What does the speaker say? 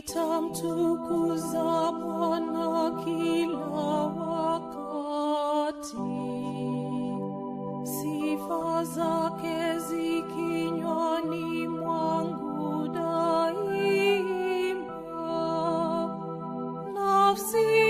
nitamtukuza Bwana kila wakati, sifa zake zikinywani mwangu daima. Nafsi